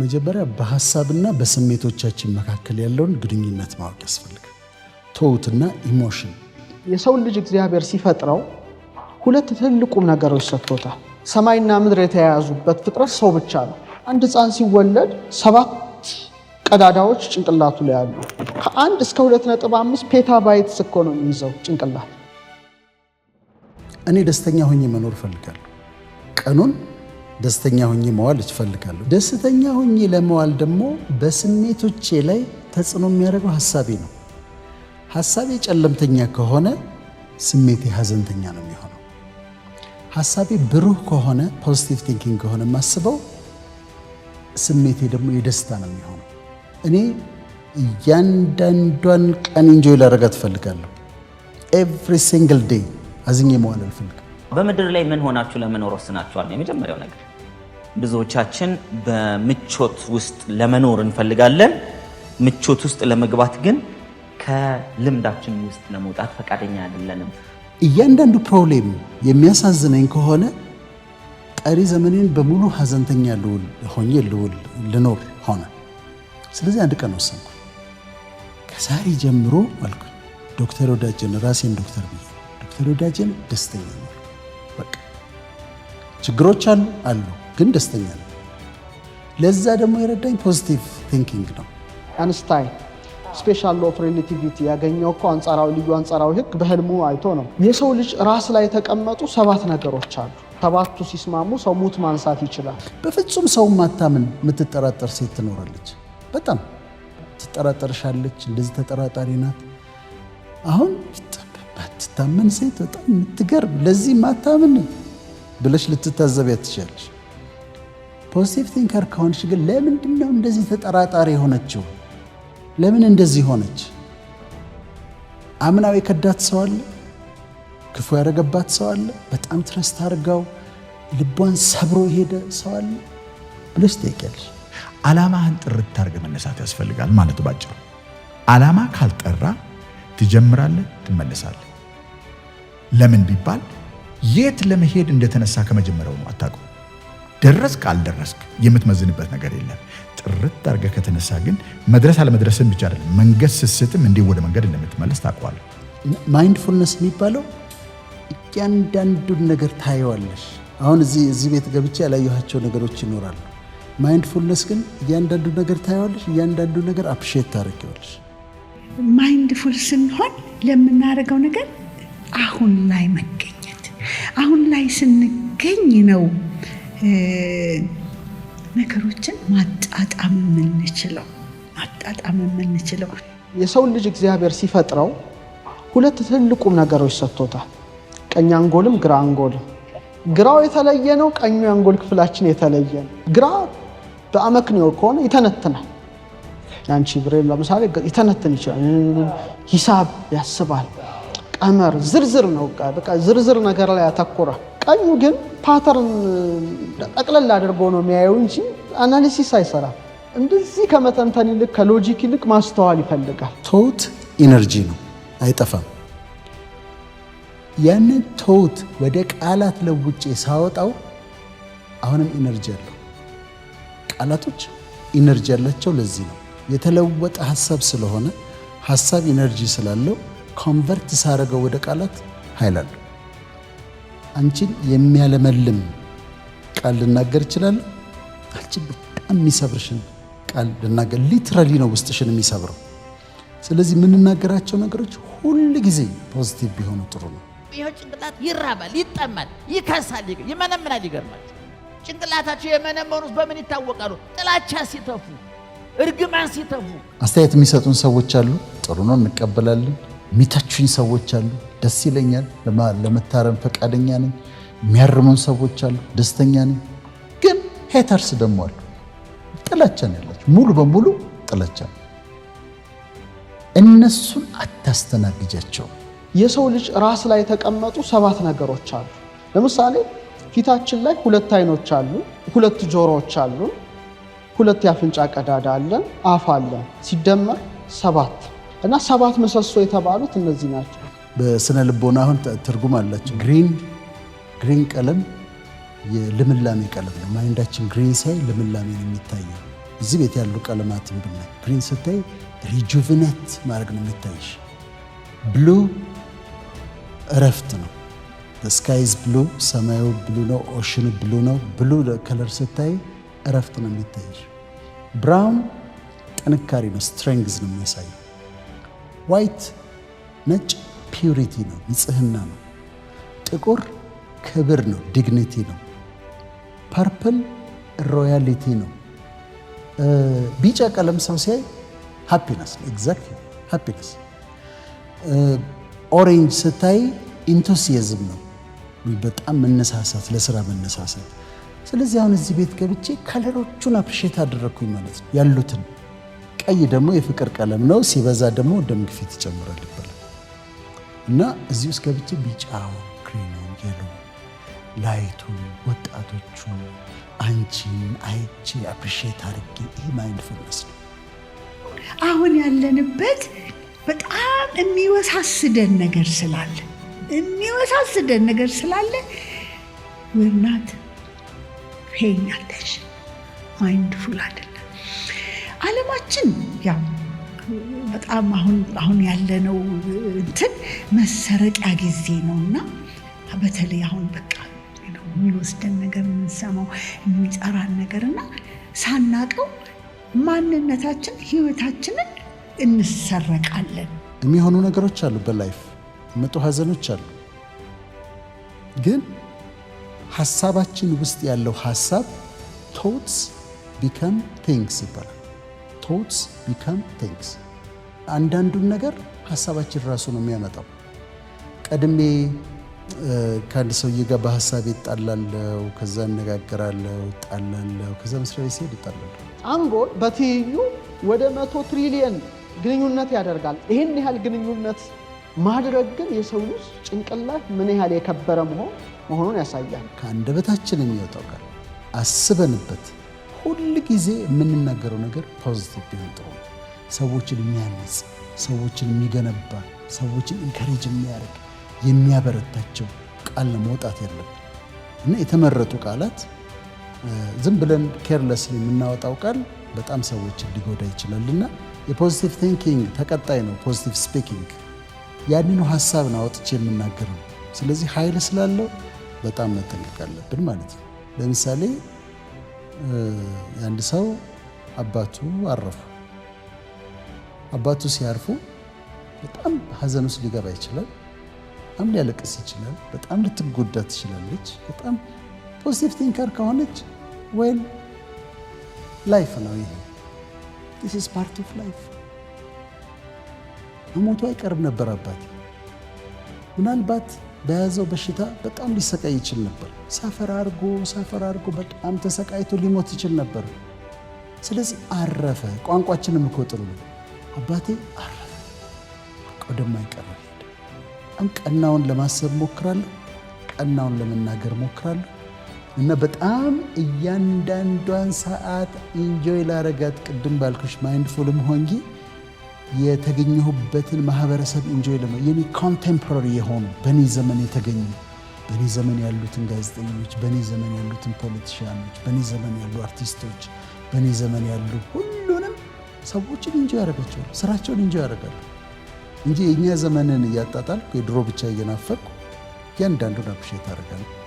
መጀመሪያ በሀሳብና በስሜቶቻችን መካከል ያለውን ግንኙነት ማወቅ ያስፈልጋል። ቶትና ኢሞሽን የሰው ልጅ እግዚአብሔር ሲፈጥረው ሁለት ትልቁም ነገሮች ሰጥቶታል። ሰማይና ምድር የተያያዙበት ፍጥረት ሰው ብቻ ነው። አንድ ህፃን ሲወለድ ሰባት ቀዳዳዎች ጭንቅላቱ ላይ አሉ። ከአንድ እስከ ሁለት ነጥብ አምስት ፔታ ባይት ስኮ ነው የሚይዘው ጭንቅላት። እኔ ደስተኛ ሆኜ መኖር እፈልጋለሁ ቀኑን ደስተኛ ሆኜ መዋል እፈልጋለሁ። ደስተኛ ሆኜ ለመዋል ደግሞ በስሜቶቼ ላይ ተጽዕኖ የሚያደርገው ሀሳቤ ነው። ሀሳቤ ጨለምተኛ ከሆነ ስሜቴ ሀዘንተኛ ነው የሚሆነው። ሀሳቤ ብሩህ ከሆነ ፖዚቲቭ ቲንኪንግ ከሆነ የማስበው ስሜቴ ደግሞ የደስታ ነው የሚሆነው። እኔ እያንዳንዷን ቀን እንጆይ ላደርጋት ትፈልጋለሁ። ኤቭሪ ሲንግል ዴይ አዝኜ መዋል አልፈልግም። በምድር ላይ ምን ሆናችሁ ለመኖር ወስናችኋል? የመጀመሪያው ነገር ብዙዎቻችን በምቾት ውስጥ ለመኖር እንፈልጋለን። ምቾት ውስጥ ለመግባት ግን ከልምዳችን ውስጥ ለመውጣት ፈቃደኛ አይደለንም። እያንዳንዱ ፕሮብሌም የሚያሳዝነኝ ከሆነ ቀሪ ዘመኔን በሙሉ ሀዘንተኛ ልውል ሆኜ ልውል ልኖር ሆነ። ስለዚህ አንድ ቀን ወሰንኩ። ከዛሬ ጀምሮ አልኩ ዶክተር ወዳጀን ራሴን ዶክተር ብ ዶክተር ወዳጀን ደስተኛ በቃ ችግሮች አሉ አሉ ግን ደስተኛ ነው። ለዛ ደግሞ የረዳኝ ፖዚቲቭ ቲንኪንግ ነው። አንስታይን ስፔሻል ሎ ኦፍ ሬሌቲቪቲ ያገኘው እኮ አንጻራዊ ልዩ አንጻራዊ ህግ በህልሙ አይቶ ነው። የሰው ልጅ ራስ ላይ የተቀመጡ ሰባት ነገሮች አሉ። ሰባቱ ሲስማሙ ሰው ሙት ማንሳት ይችላል። በፍጹም ሰው ማታምን የምትጠራጠር ሴት ትኖራለች። በጣም ትጠራጠርሻለች። እንደዚህ ተጠራጣሪ ናት። አሁን ባትታመን ሴት በጣም የምትገርም ለዚህ ማታምን ብለሽ ልትታዘቢያ ትችላለች። ፖዚቲቭ ቲንከር ከሆንሽ ግን ለምንድን ነው እንደዚህ ተጠራጣሪ የሆነችው? ለምን እንደዚህ ሆነች? አምናው የከዳት ሰው አለ፣ ክፉ ያደረገባት ሰው አለ፣ በጣም ትረስት አድርጋው ልቧን ሰብሮ የሄደ ሰው አለ ብለሽ ትጠይቂያለሽ። ዓላማህን ጥርት አድርገህ መነሳት ያስፈልጋል ማለት ባጭሩ። ዓላማ ካልጠራ ትጀምራለህ፣ ትመለሳለህ። ለምን ቢባል የት ለመሄድ እንደተነሳ ከመጀመሪያው ነው አታውቅም። ደረስክ አልደረስክ የምትመዝንበት ነገር የለም። ጥርት አድርገህ ከተነሳ ግን መድረስ አለመድረስን ብቻ አይደለም፣ መንገድ ስስትም እንዲህ ወደ መንገድ እንደምትመለስ ታውቀዋለህ። ማይንድፉልነስ የሚባለው እያንዳንዱን ነገር ታየዋለሽ። አሁን እዚህ ቤት ገብቼ ያላየኋቸው ነገሮች ይኖራሉ። ማይንድፉልነስ ግን እያንዳንዱ ነገር ታየዋለሽ፣ እያንዳንዱ ነገር አፕሼት ታደርጊዋለሽ። ማይንድፉል ስንሆን ለምናደርገው ነገር አሁን ላይ መገኘት አሁን ላይ ስንገኝ ነው ነገሮችን ማጣጣም የምንችለው ማጣጣም የምንችለው የሰው ልጅ እግዚአብሔር ሲፈጥረው ሁለት ትልቁም ነገሮች ሰጥቶታል። ቀኝ አንጎልም ግራ አንጎልም። ግራው የተለየ ነው፣ ቀኙ የአንጎል ክፍላችን የተለየ ነው። ግራ በአመክንዮ ከሆነ ይተነትናል። የአንቺ ብሬን ለምሳሌ ይተነትን ይችላል። ሂሳብ ያስባል፣ ቀመር ዝርዝር ነው፣ ዝርዝር ነገር ላይ ያተኩራል። ቀኙ ግን ፓተርን ጠቅለል አድርጎ ነው የሚያየው እንጂ አናሊሲስ አይሰራም። እንደዚህ ከመተንተን ይልቅ ከሎጂክ ይልቅ ማስተዋል ይፈልጋል። ቶት ኢነርጂ ነው፣ አይጠፋም። ያንን ቶት ወደ ቃላት ለውጬ ሳወጣው አሁንም ኢነርጂ አለው። ቃላቶች ኢነርጂ ያላቸው ለዚህ ነው የተለወጠ ሀሳብ ስለሆነ ሀሳብ ኢነርጂ ስላለው ኮንቨርት ሳረገው ወደ ቃላት ኃይል አለው። አንቺን የሚያለመልም ቃል ልናገር ይችላል። አንቺ በጣም የሚሰብርሽን ቃል ልናገር ሊትራሊ ነው ውስጥሽን የሚሰብረው። ስለዚህ የምንናገራቸው ነገሮች ሁል ጊዜ ፖዚቲቭ ቢሆኑ ጥሩ ነው። ይኸው ጭንቅላት ይራባል፣ ይጠማል፣ ይከሳል፣ ይመነምናል። ይገርማል። ጭንቅላታቸው የመነመኑት በምን ይታወቃሉ? ጥላቻ ሲተፉ፣ እርግማን ሲተፉ። አስተያየት የሚሰጡን ሰዎች አሉ። ጥሩ ነው፣ እንቀበላለን። የሚተቹኝ ሰዎች አሉ፣ ደስ ይለኛል። ለመታረም ፈቃደኛ ነኝ። የሚያርሙን ሰዎች አሉ፣ ደስተኛ ነኝ። ግን ሄተርስ ደግሞ አሉ፣ ጥላቻን ያላቸው ሙሉ በሙሉ ጥላቻ። እነሱን አታስተናግጃቸው። የሰው ልጅ ራስ ላይ የተቀመጡ ሰባት ነገሮች አሉ። ለምሳሌ ፊታችን ላይ ሁለት አይኖች አሉ፣ ሁለት ጆሮዎች አሉ፣ ሁለት የአፍንጫ ቀዳዳ አለን፣ አፍ አለን። ሲደመር ሰባት እና ሰባት ምሰሶ የተባሉት እነዚህ ናቸው። በስነ ልቦና አሁን ትርጉም አላቸው። ግሪን ግሪን ቀለም የልምላሜ ቀለም ነው። ማይንዳችን ግሪን ሳይ ልምላሜ ነው የሚታየው። እዚህ ቤት ያሉ ቀለማትን ብና ግሪን ስታይ ሪጁቭነት ማድረግ ነው የሚታይሽ። ብሉ እረፍት ነው። ስካይዝ ብሉ ሰማዩ ብሉ ነው። ኦሽን ብሉ ነው። ብሉ ከለር ስታይ እረፍት ነው የሚታይሽ። ብራውን ጥንካሬ ነው፣ ስትሬንግዝ ነው የሚያሳየው። ዋይት ነጭ ፒውሪቲ ነው፣ ንጽህና ነው። ጥቁር ክብር ነው፣ ዲግኒቲ ነው። ፐርፕል ሮያሊቲ ነው። ቢጫ ቀለም ሰው ሲያይ ሃፒነስ ኤግዛክት ሃፒነስ። ኦሬንጅ ስታይ ኢንቱሲያዝም ነው፣ በጣም መነሳሳት፣ ለስራ መነሳሳት። ስለዚህ አሁን እዚህ ቤት ገብቼ ከለሮቹን አፕሪሼት አደረግኩኝ ማለት ነው ያሉትን ቀይ ደግሞ የፍቅር ቀለም ነው። ሲበዛ ደግሞ ደም ግፊት ይጨምራል ይባላል እና እዚህ ውስጥ ገብቼ ቢጫው፣ ክሬሙን፣ የሎ ላይቱ፣ ወጣቶቹ አንቺን አይቼ አፕሪሼት አድርጌ ይህ ማይንድፉልነስ ነው። አሁን ያለንበት በጣም የሚወሳስደን ነገር ስላለ የሚወሳስደን ነገር ስላለ ወርናት ፔይንግ አቴንሽን ማይንድፉል አደ አለማችን ያው በጣም አሁን አሁን ያለነው እንትን መሰረቂያ ጊዜ ነው እና በተለይ አሁን በቃ የሚወስደን ነገር የምንሰማው የሚጠራን ነገር እና ሳናቀው ማንነታችን ህይወታችንን እንሰረቃለን። የሚሆኑ ነገሮች አሉ፣ በላይፍ መጡ ሀዘኖች አሉ። ግን ሀሳባችን ውስጥ ያለው ሀሳብ ቶትስ ቢከም ቲንግስ ይባላል። ቶትስ ቢከም ቲንግስ። አንዳንዱን ነገር ሀሳባችን ራሱ ነው የሚያመጣው። ቀድሜ ከአንድ ሰውዬ ጋር በሀሳብ ይጣላለሁ፣ ከዛ እነጋገራለሁ፣ ይጣላለሁ፣ ከዛ መስሪያ ቤት ሲሄድ ይጣላለሁ። አንጎል በትይዩ ወደ መቶ ትሪሊየን ግንኙነት ያደርጋል። ይህን ያህል ግንኙነት ማድረግ ግን የሰው ልጅ ጭንቅላት ምን ያህል የከበረ መሆን መሆኑን ያሳያል። ከአንደበታችን የሚወጣው ቃል አስበንበት ሁል ጊዜ የምንናገረው ነገር ፖዚቲቭ ቢሆን ጥሩ ነው። ሰዎችን የሚያነጽ ሰዎችን የሚገነባ ሰዎችን ኢንካሬጅ የሚያደርግ የሚያበረታቸው ቃል ለመውጣት ያለብን እና የተመረጡ ቃላት ዝም ብለን ኬርለስሊ የምናወጣው ቃል በጣም ሰዎችን ሊጎዳ ይችላል እና የፖዚቲቭ ቲንኪንግ ተቀጣይ ነው ፖዚቲቭ ስፒኪንግ። ያንኑ ሀሳብ ነው አውጥቼ የምናገር ነው። ስለዚህ ኃይል ስላለው በጣም መጠንቀቅ አለብን ማለት ነው። ለምሳሌ የአንድ ሰው አባቱ አረፉ። አባቱ ሲያርፉ በጣም ሀዘን ውስጥ ሊገባ ይችላል። በጣም ሊያለቅስ ይችላል። በጣም ልትጎዳ ትችላለች። በጣም ፖዚቲቭ ቲንከር ከሆነች ወይም ላይፍ ነው ይሄ ዲስ ፓርት ኦፍ ላይፍ መሞቱ አይቀርብ ነበር አባቴ ምናልባት በያዘው በሽታ በጣም ሊሰቃይ ይችል ነበር። ሰፈር ሰፈር ሲያፈራርጎ በጣም ተሰቃይቶ ሊሞት ይችል ነበር። ስለዚህ አረፈ። ቋንቋችንም እኮ ጥሩ ነው። አባቴ አረፈ። ወደማይቀር ሄደ። በጣም ቀናውን ለማሰብ ሞክራለሁ፣ ቀናውን ለመናገር ሞክራለሁ እና በጣም እያንዳንዷን ሰዓት ኢንጆይ ላረጋት ቅድም ባልኩሽ ማይንድፉልም ሆንጊ የተገኘሁበትን ማህበረሰብ እንጆይ ለመ የኔ ኮንቴምፖራሪ የሆኑ በእኔ ዘመን የተገኙ በእኔ ዘመን ያሉትን ጋዜጠኞች፣ በእኔ ዘመን ያሉትን ፖለቲሽያኖች፣ በእኔ ዘመን ያሉ አርቲስቶች፣ በእኔ ዘመን ያሉ ሁሉንም ሰዎችን እንጆይ ያደረጋቸዋል። ስራቸውን እንጆይ ያደርጋሉ እንጂ የእኛ ዘመንን እያጣጣል የድሮ ብቻ እየናፈቅኩ እያንዳንዱን አፕሪሼት አደርጋለሁ።